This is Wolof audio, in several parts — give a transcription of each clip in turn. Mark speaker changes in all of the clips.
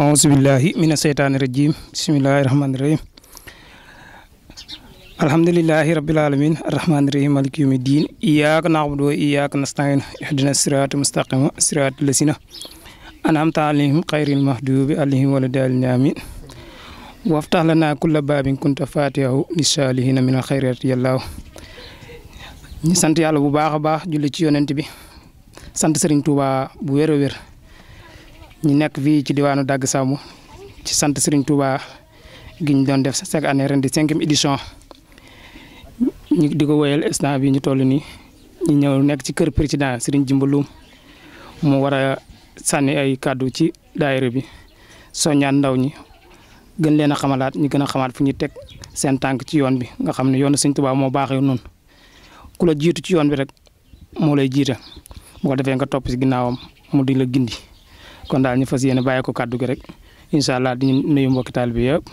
Speaker 1: aousubillahi mina seytaani rajim bisimillahi rahmaani rahim alhamdulilahi rabbil alamin arrahmaani rahim maliki yawmi diin iyyaka na'budu wa iyyaka nasta'in ihdina sirata mustaqima sirata lasina an'amta alayhim xayril mahdubi alayhim wala daalin amin waftax lana kulla baabin kunta fatihahu lisaalihina min alxayrati yàllaaw ñu sant yàlla bu baax a baax julli ci yonent bi sant Sëriñ Tuubaa bu wér a wér ñu nekk fii ci diwaanu Dagg Sàmm ci sant Serigne Touba gi doon def chaque année ren di cinquième édition ñu di ko woyal instant bi ñu toll nii ñu ñëw nekk ci kër président Serigne Jimba mu war a sànni ay kàddu ci daayira bi soññaan ndaw ñi gën leen a xamalaat ñu gën a xamaat fu ñuy teg seen ci yoon bi nga xam ne yoonu Serigne Touba moo baaxee noonu ku la jiitu ci yoon bi rek moo lay jiita boo defee nga topp ci ginnaawam mu di la gindi. kon daal ñu fas yéene bàyyi ko kàddu gi rek incha allah di nuyu mbokki taal bi yëpp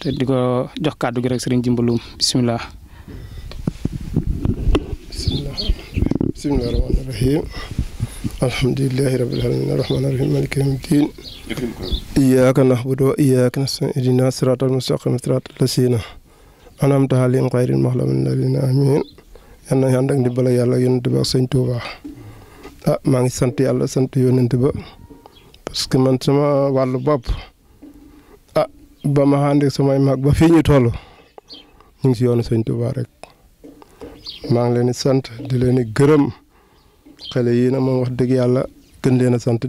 Speaker 1: te di ko jox kàddu gi rek sëriñ Jimbalum bisimilah.
Speaker 2: bisimilah rahmaani rahim alhamdulilahi rabbil alamin arrahmaani arrahim maliki yawmi ddin iyyaka na'budu wa iyyaka nasta'in ihdina siratal mustaqim siratal lazina an'amta alayhim ghayril maghdubi alayhim amin yal na ànd ak ndimbal yàlla yonent ba ak sëñ Tuuba ah maa ngi sant yàlla sant yonent ba parce que man sama wàllu bopp ah ba ma ànd samay mag ba fii ñu toll ñu ngi si yoonu sëñ Tuubaa rek maa ngi leen di sant di leen di gërëm xale yii na moom wax dëgg yàlla gën leen a sant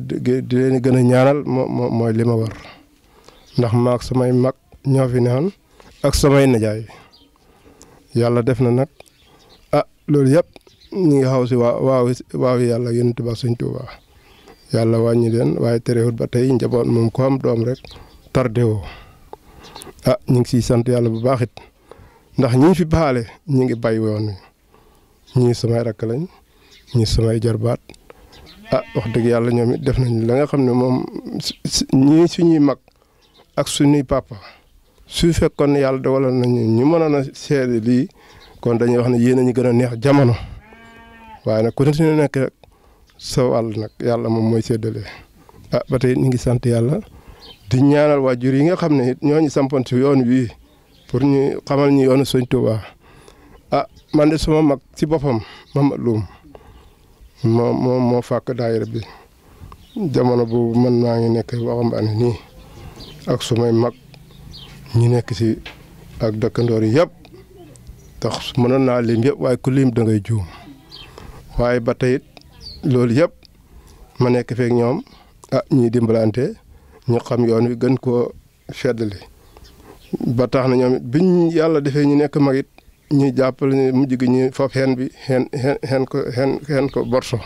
Speaker 2: di leen di gën a ñaanal moo mooy li ma war ndax maag samay mag ñoo fi naan ak samay nijaay yàlla def na nag ah loolu yëpp ñu ngi xaw si waaw waaw waaw yàlla yonent ba sëñ Tuubaa yàlla wàññi leen waaye terewut ba tey njaboot moom ko am doom rek tardé woo ah ñu ngi siy sant yàlla bu baaxit ndax ñi fi baale ñi ngi bay woon ñii samay rakk lañ ñii samay jarbaat ah wax dëgg yàlla ñoom it def nañ la nga xam ne moom ñii suñuy mag ak suñuy papa su fekkoon yàlla dogaloon nañu ñu mënoon a seede lii kon dañuy wax ne yéen a ñu gën a neex jamono waaye nag ku nekk sa wàll nag yàlla moom mooy séddale ah ba tey ñu ngi sant yàlla di ñaanal waajur yi nga xam ne ñoo ñu sampoon ci yoon wii pour ñu xamal ñu yoonu Sëñ Tuubaa ah man de suma mag ci boppam Mama Loum moo moo moo fàkk daayira bi jamono boobu man maa ngi nekk waxambaane nii ak sumay mag ñu nekk ci ak dëkkandoor yi yëpp tax mënoon naa lim yëpp waaye ku lim juum waaye ba loolu yëpp ma nekk feek ñoom ah ñuy dimbalante ñu xam yoon wi gën koo feddali ba tax na ñoom biñ yàlla defee ñu nekk mag it ñuy jàppale ne mujj gi ñu foofu xeen bi xeen xeen xeen ko borso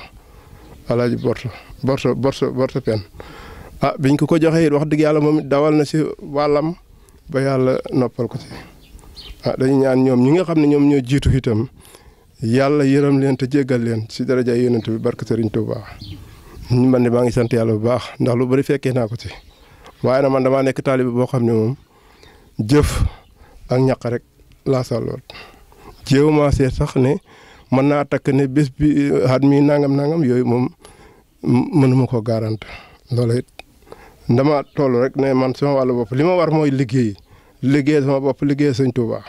Speaker 2: alaaji borso borso borso borso pen ah biñ ko ko joxee it wax dëgg yàlla moom dawal na si wàllam ba yàlla noppal ko si ah dañu ñaan ñoom ñi nga xam ne ñoom ñoo jiitu itam yàlla yërëm leen te jéggal leen si daraja yonent bi barke baax Touba man de baa ngi sant yàlla bu baax ndax lu bari fekkee naa ko ci waaye nag man damaa nekk taalibe boo xam ne moom jëf ak ñaq rek laa sàlloot jéew maa seet sax ni mën naa takk ne bés bi at mi nangam nangam yooyu moom mënuma koo garante loolu it dama toll rek ne man sama wàllu bopp li ma war mooy liggéey liggéey sama bopp liggéey Sëñ Touba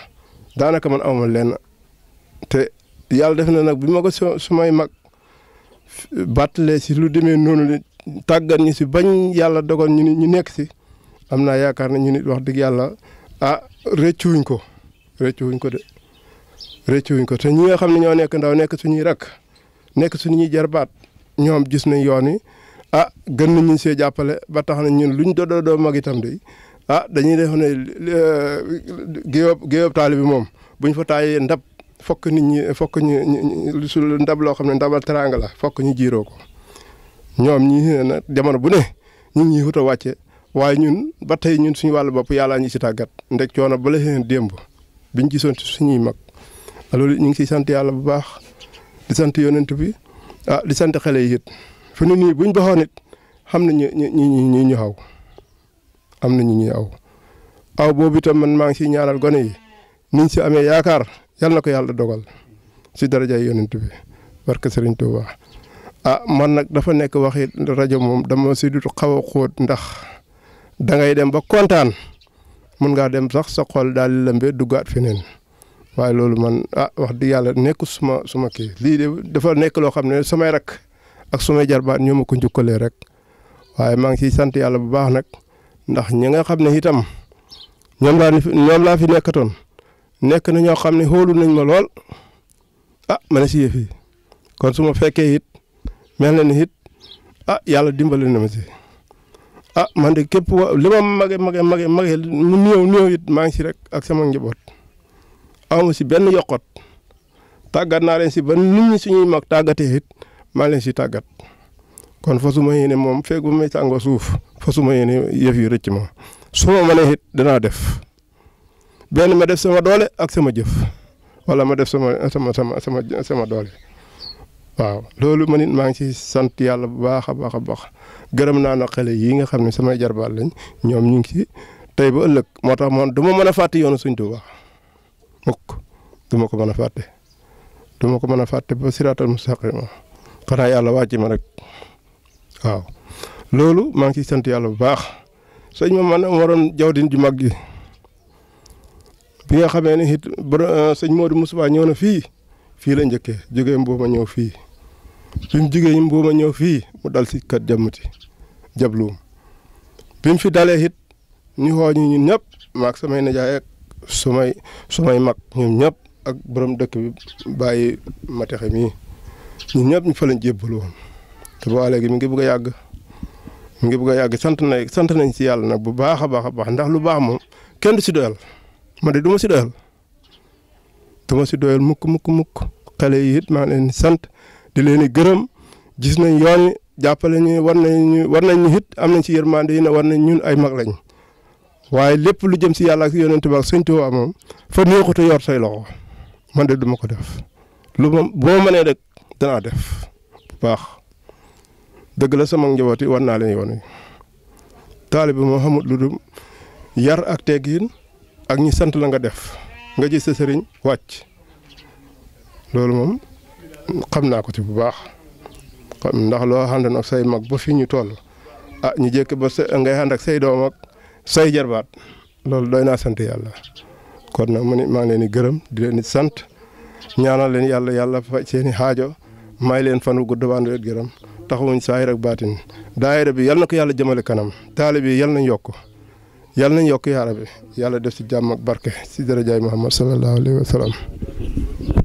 Speaker 2: daanaka man awma yàlla def na nag bi ma ko sumay mag bàttalee si lu demee noonu tàggat ñu si bañ yàlla dogal ñu ñu nekk si am naa yaakaar ne ñu ni wax dëgg yàlla ah wuñ ko wuñ ko de wuñ ko te ñi nga xam ne ñoo nekk ndaw nekk suñuy rek nekk si suñuy jarbaat ñoom gis nañ yoon wi ah gën nañu jàppale ba tax na ñun luñ doo doo mag itam de ah dañuy def ne géeyob géeyob taali bi moom buñ fa taayee ndab fokk nit ñi fokk ñu ñu su ndab loo xam ne ndabal teraanga la fokk ñu jiiroo ko ñoom ñi ne jamono bu ne ñu ngi ñuy wut a wàcce waaye ñun ba tey ñun suñu wàllu bopp yàllaa ñu si tàggat ndeg coono ba la leen démb biñ gisoon suñuy mag loolu ñu ngi siy sant yàlla bu baax di sant yonent bi ah di sant xale yi it fu ne nii buñ doxoon it xam na ñu ñu ñu ñu aw am na ñu ñuy aw aw boobu itam man maa ngi siy ñaanal gone yi niñ si amee yaakaar. yàlla na ko yàlla dogal si darajaay yonent bi barke Serigne Touba. ah man nag dafa nekk waxi rajo moom dama si dut xaw a xóot ndax da ngay dem ba kontaan mun ngaa dem sax sa xol daal di lëmbee duggaat feneen waaye loolu man ah wax di yàlla nekku suma suma kii lii de dafa nekk loo xam ne samay rak ak sumay jarbaat ñoo ma ko njukkalee rek waaye maa ngi ciy sant yàlla bu baax nag ndax ñi nga xam ne itam ñoom laa ñoom laa fi nekkatoon. nekk na ñoo xam ne xoolu nañ ma lool ah ma ne si yëf kon su ma fekkee it mel na ni it a ah, yàlla dimbali na ma si a ah, man de képp li ma mage mage mage mage mu néew néew it maa ngi si rek ak sama njaboot awma si benn yokkot tàggat naa leen si ba nit ñi suñuy mag tàggatee it maa leen si tàggat kon fa su ma yéene moom feeg bu may sàngoo suuf fa su ma yéene yëf yi rëcc ma su ma mënee it danaa def. benn ma def sama doole ak sama jëf wala ma def sama sama sama sama sama doole waaw loolu ma it maa ngi ciy sant yàlla bu baax a baax a baax gërëm naa na yii nga xam ne sama jarbaat lañ ñoom ñu ngi ci tey ba ëllëg moo tax man du ma mën a fàtte yoonu Sëñ Tuubaa mukk ma ko mën a fàtte du ma ko mën a fàtte ba siraatal mustaqim xanaa yàlla wàcc ma rek waaw loolu maa ngi ciy sant yàlla bu baax sëñ ma man waroon jawdin ju mag gi bi nga xamee ne it euh, sëñ Modou ñëw na fii fii la njëkkee jógee mbuuma ñëw fii bi mu jógee mbuuma ñëw fii mu dal si kat jàmmati jabluum bi mu fi dalee it ñu xoo ñu ñun ñëpp maak samay nijaay ak sumay sumay mag ñoom ñëpp ak borom dëkk bi bàyyi matexe mii ñun ñëpp ñu fa lañ jébbalu woon te boo léegi mi ngi bëgg a yàgg mi ngi bëgg yàgg sant nañ sant nañ si yàlla nag bu baax a baax a baax ndax lu baax moom kenn du si doyal ma de du ma si doyal du si doyal mukk mukk mukk xale yi it maa leen sant di leen di gërëm gis nañ yoon jàppale ñu war nañ war nañ ñu it am nañ ci yërmande yi ne war nañ ñun ay mag lañ waaye lépp lu jëm si yàlla ak yonent bi ak Sëñ Tuubaa moom fa néew ko yor say loxo man de duma ko def lu ma boo manee de dana def bu baax dëgg la sama njaboot yi war naa leen yoon wi taalibe moo xamul lu dul yar ak teggin ak ñu sant la nga def nga gis sa sëriñ wàcc loolu moom xam naa ko ci bu baax xam ndax loo ànd nag say mag ba fi ñu toll ah ñu jékk ba ngay ànd ak say doom jarbaat loolu doy naa sant yàlla kon nag mu ne maa ngi leen di gërëm di leen di sant ñaanal leen yàlla yàlla faj seeni i xaajo may leen fan wu gudd waan gërëm taxawuñ saay rek baatin daayira bi yàlla ko yàlla jëmale kanam taalibe yi yal nañ yokk yàlla nañ yokk yaa rabbi yàlla def ci jàmm ak barke si darajaay Muhammad sallallahu alayhi wa sallam.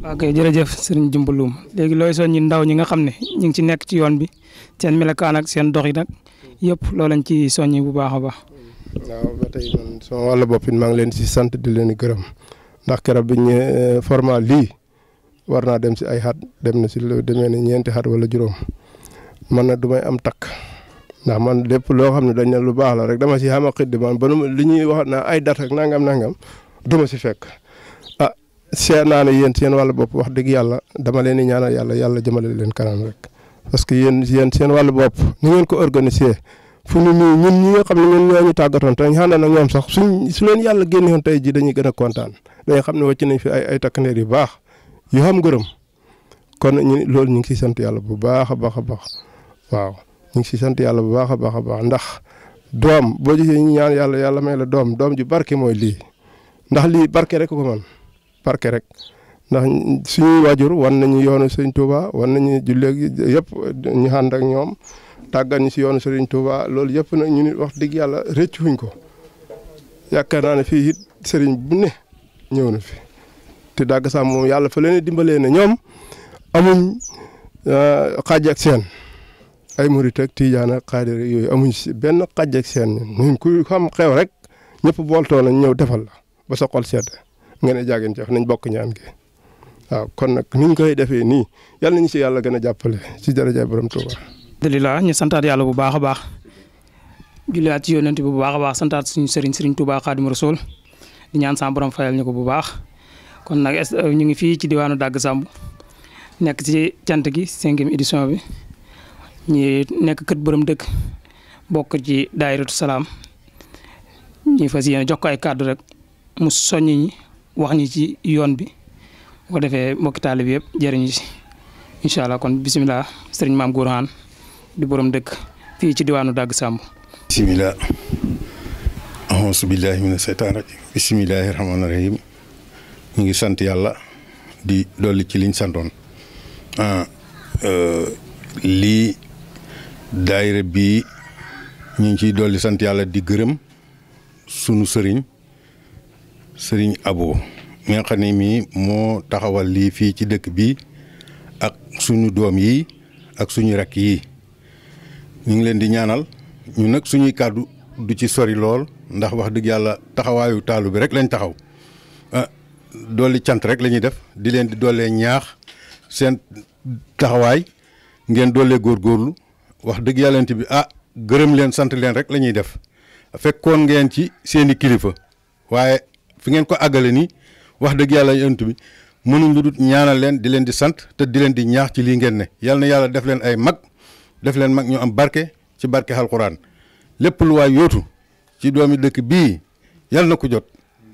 Speaker 1: ok jërëjëf sëriñ Jumbulum léegi looy soon ñi ndaw ñi nga xam ne ñu ngi ci nekk ci yoon bi seen melokaan ak seen dox yi nag yëpp loo lañ ci
Speaker 2: soññi bu baax a baax. waaw ba tey man sama wàllu bopp it maa ngi leen si sant di leen gërëm ndax keroog bi ñu eh, format lii war naa dem si ay xat dem na si lu demee ne ñeenti xat wala juróom man na du may am takk. ndax man lépp loo xam ne dañ lu baax la rek dama si xam xiddi man ba li ñuy wax na ay dat ak nangam nangam duma si fekk ah seen naa ne yéen seen wàllu bopp wax dëgg yàlla dama leen di ñaanal yàlla yàlla jëmale leen kanam rek parce que yéen yéen seen wàllu bopp ni ngeen ko organiser fu ñu nii ñun ñi xam ne ñun ñu tàggatoon te ñu xànd na ñoom sax suñ su leen yàlla génn génneewoon tey ji dañuy gën a kontaan dañuy xam ne wàcc nañ fi ay ay takkandeer yu baax yu xam ngërëm kon ñu loolu ñu ngi siy sant yàlla bu baax a baax a baax waaw ñu ngi si sant yàlla bu baax a baax a baax ndax doom boo gisee ñu ñaan yàlla yàlla may la doom doom ju barke mooy lii ndax lii barke rek ko man barke rek ndax suñuy waajur wan nañu yoonu sëñ Touba wan nañu julleeg yëpp ñu ànd ak ñoom tàggat ñu si yoonu sëriñ Touba loolu yëpp nag ñu nit wax digg yàlla récc rëccuwuñ ko yaakaar naa ne fii it sëriñ bu ne ñëw na fi te dàgg sax moom yàlla fa leen dimbalee ne ñoom amuñ ah, xaaj seen ay murit ak tijaan ak yooyu amuñ si benn xaj ak seen ñun ku xam xew rek ñëpp booltoo nañ ñëw defal la ba sa xol sedd nga ne jaagin ci wax nañ bokk ñaan gi waaw kon nag niñ koy defee nii yal nañu si yàlla gën a jàppale si jërëjëf borom Touba.
Speaker 1: alhamdulilah ñu santaat yàlla bu baax a baax julliwaat ci yonent bi bu baax a baax santaat suñu sëriñ sëriñ Touba Xaadimu Rasuul di ñaan sa borom ñu ko bu baax kon nag ñu ngi fii ci diwaanu Dagg Samb nekk ci cant gi cinquième édition bi. ñi nekk kët borom dëkk bokk ci daayiratu salaam ñi fas yéene jox ko ay kàddu rek mu soññ ñi wax ñi ci yoon bi bu ko defee mbokki taali bi yëpp jëriñu si incha allah kon bisimilah sëriñ maam Gourane di borom dëkk fii ci diwaanu Dagg Samb.
Speaker 3: bisimilah. auzu billahi mina seytaan rajim bisimilahi rahmaani rahim ñu ngi sant yàlla di dolli ci liñ santoon ah, euh, lii daayira bi ñu ngi ciy dolli sant yàlla di gërëm sunu sëriñ sëriñ Abo mi xam ne mii moo taxawal lii fii ci dëkk bi ak suñu doom yi ak suñu rakk yi ñu ngi leen di ñaanal ñu nag suñuy kàddu du ci sori lool ndax wax dëgg yàlla taxawaayu taalu bi rek lañ taxaw ah dolli cant rek lañuy def di leen di doolee ñaax seen taxawaay ngeen góor góorlu wax dëgg yàllante bi ah gërëm leen sant leen rek la ñuy def fekkoon ngeen ci seeni kilifa waaye fi ngeen ko àggale nii wax dëgg yàlla yant bi mënuñ lu dul ñaanal leen di leen di sant te di leen di ñaax ci lii ngeen ne yàlla na yàlla def leen ay mag def leen mag ñu am barke ci barke alxuraan lépp lu waay yootu ci doomi dëkk bii yàlla na ko jot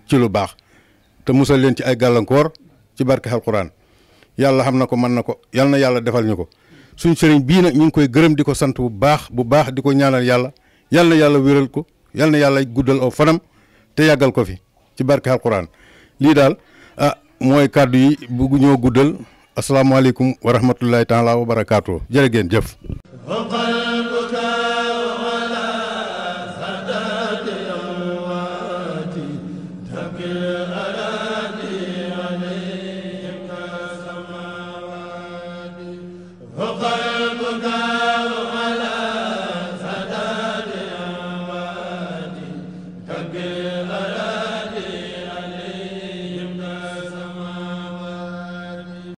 Speaker 3: ci lu baax te musal leen ci ay gàllankoor ci barke alxuraan yàlla xam na ko mën na ko yàlla na yàlla defal ñu ko suñu sëriñ bii nag ñu ngi koy gërëm di ko sant bu baax bu baax di ko ñaanal yàlla yal yàlla wéral ko yàlla na yàlla guddal aw fanam te yàggal ko fi ci barke alquran lii daal ah mooy kàddu yi bu guddal asalaamaaleykum wa rahmatullahi taala wa barakaatu jërë geen jëf